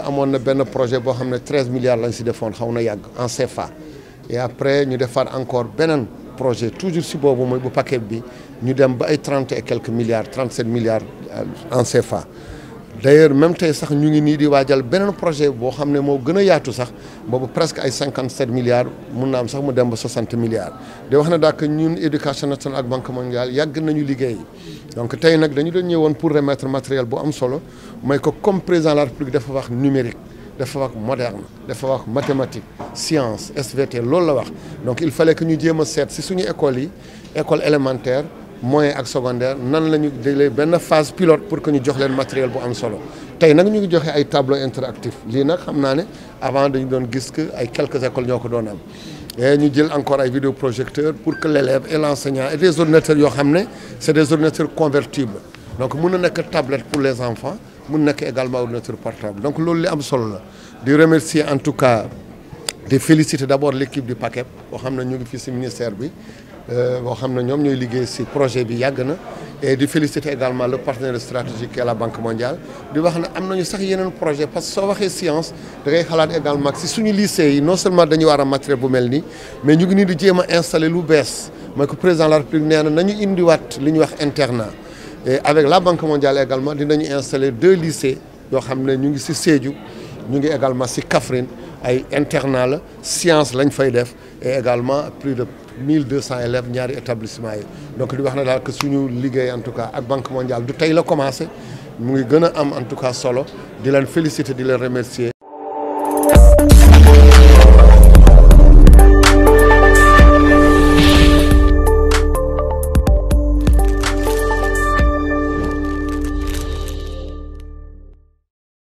avons un projet qui a 13 milliards de fonds en CFA. Et après, nous avons encore un projet, toujours sur bon, paquet, nous avons 30 et quelques milliards, 37 milliards euh, en CFA d'ailleurs même tay sax ñu ngi ni di waajal benen projet bo xamné mo gëna gën a yaatu sax bobu presque ay 57 milliards mun naa am sax mu dem ba milliards. de wax ne daal ñun éducation nationale ak banque mondiale yàgg nañu liggéey donc tay nak dañu doon ñëwone pour remettre matériel bu am solo may ko comme président de la république dafa wax numérique. dafa wax moderne dafa wax mathématique science SVT loolu la wax donc il fallait que ñu jéem a ci suñu école yi école élémentaire moyen et secondaire nous avons ñu phase pilote pour que nous jox le matériel pour am solo Aujourd'hui, nous ñu ngi des ay tableau interactif nous avant de nous gis quelques écoles Nous avons fait. et encore des vidéoprojecteurs pour que l'élève et l'enseignant et des ordinateurs convertibles. c'est des ordinateurs convertibles donc tablette pour les enfants Nous n'avons également ordinateur portable donc ce li am solo la en tout cas di féliciter d'abord l'équipe du PACEP boo xam ñu ngi fii ci ministère bi euh, boo xam ne ñoom ñooy liggéey ci projet bi et di féliciter également le partenaire stratégique qui est la Banque mondiale di wax ne am nañu sax projet parce que soo waxee science da ngay également ci suñu lycée non seulement dañu war a matériel bu mel mais ñu ngi nii di jéem installer lu bees mooy président de la République nee na nañu indiwaat li wax et avec la Banque mondiale également dinañu installer deux lycées yoo xam ne ñu ngi ci Sédhiou ñu ngi également ci Kaffrine ay sciences, la science et également plus de 1200 élèves ñaari établissement donc nous avons na que suñu en tout cas ak banque mondiale du avons commencé nous ngi en tout cas solo De leen féliciter de leen remercier